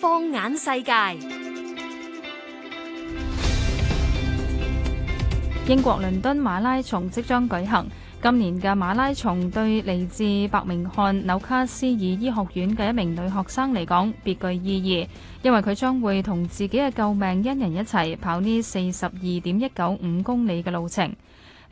放眼世界，英國倫敦馬拉松即將舉行。今年嘅馬拉松對嚟自伯明翰紐卡斯爾醫學院嘅一名女學生嚟講，別具意義，因為佢將會同自己嘅救命恩人一齊跑呢四十二點一九五公里嘅路程。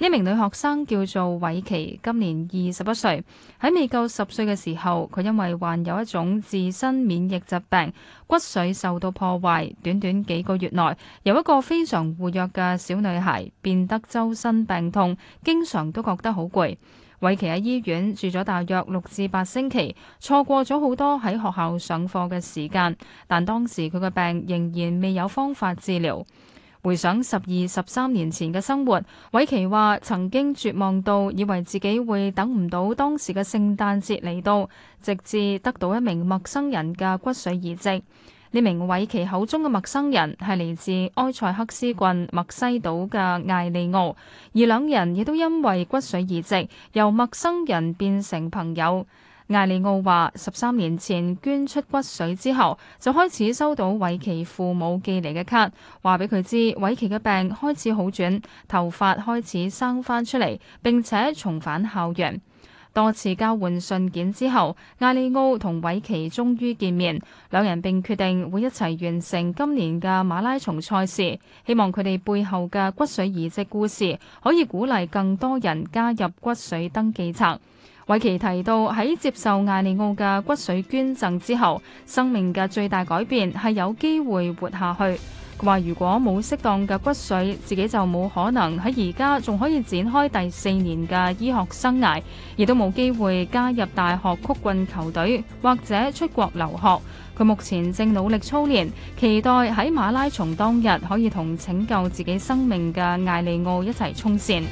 呢名女學生叫做韋琪，今年二十一歲。喺未夠十歲嘅時候，佢因為患有一種自身免疫疾病，骨髓受到破壞。短短幾個月內，由一個非常活躍嘅小女孩變得周身病痛，經常都覺得好攰。韋琪喺醫院住咗大約六至八星期，錯過咗好多喺學校上課嘅時間。但當時佢嘅病仍然未有方法治療。回想十二十三年前嘅生活，韋奇話曾經絕望到以為自己會等唔到當時嘅聖誕節嚟到，直至得到一名陌生人嘅骨髓移植。呢名韋奇口中嘅陌生人係嚟自埃塞克斯郡墨西島嘅艾利奧，而兩人亦都因為骨髓移植由陌生人變成朋友。艾利奧話：十三年前捐出骨髓之後，就開始收到韋奇父母寄嚟嘅卡，話俾佢知韋奇嘅病開始好轉，頭髮開始生翻出嚟，並且重返校園。多次交換信件之後，艾利奧同韋奇終於見面，兩人並決定會一齊完成今年嘅馬拉松賽事。希望佢哋背後嘅骨髓移植故事可以鼓勵更多人加入骨髓登記冊。韋奇提到喺接受艾利奧嘅骨髓捐贈之後，生命嘅最大改變係有機會活下去。佢話如果冇適當嘅骨髓，自己就冇可能喺而家仲可以展開第四年嘅醫學生涯，亦都冇機會加入大學曲棍球隊或者出國留學。佢目前正努力操練，期待喺馬拉松當日可以同拯救自己生命嘅艾利奧一齊衝線。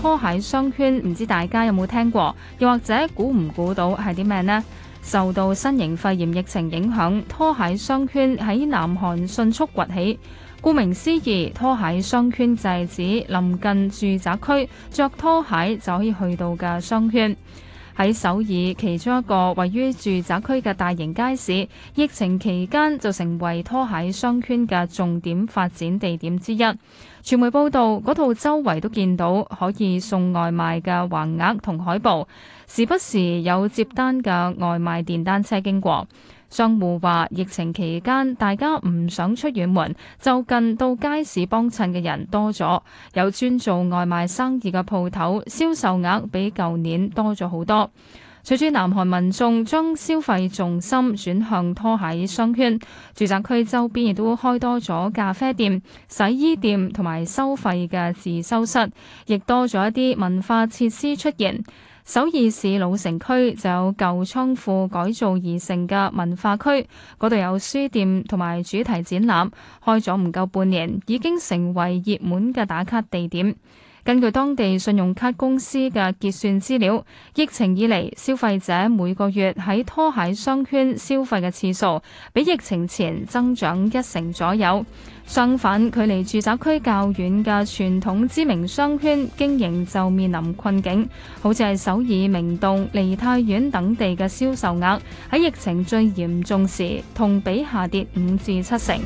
拖鞋商圈唔知大家有冇聽過，又或者估唔估到係啲咩呢？受到新型肺炎疫情影響，拖鞋商圈喺南韓迅速崛起。顧名思義，拖鞋商圈就係指臨近住宅區，着拖鞋就可以去到嘅商圈。喺首爾，其中一個位於住宅區嘅大型街市，疫情期間就成為拖鞋商圈嘅重點發展地點之一。傳媒報道，嗰度周圍都見到可以送外賣嘅橫額同海報，時不時有接單嘅外賣電單車經過。商戶話：疫情期間，大家唔想出遠門，就近到街市幫襯嘅人多咗，有專做外賣生意嘅鋪頭，銷售額比舊年多咗好多。隨住南韓民眾將消費重心轉向拖鞋商圈，住宅區周邊亦都開多咗咖啡店、洗衣店同埋收費嘅自修室，亦多咗一啲文化設施出現。首爾市老城區就有舊倉庫改造而成嘅文化區，嗰度有書店同埋主題展覽，開咗唔夠半年，已經成為熱門嘅打卡地點。根據當地信用卡公司嘅結算資料，疫情以嚟消費者每個月喺拖鞋商圈消費嘅次數，比疫情前增長一成左右。相反，距離住宅區較遠嘅傳統知名商圈經營就面臨困境，好似係首爾明洞、梨泰院等地嘅銷售額喺疫情最嚴重時同比下跌五至七成。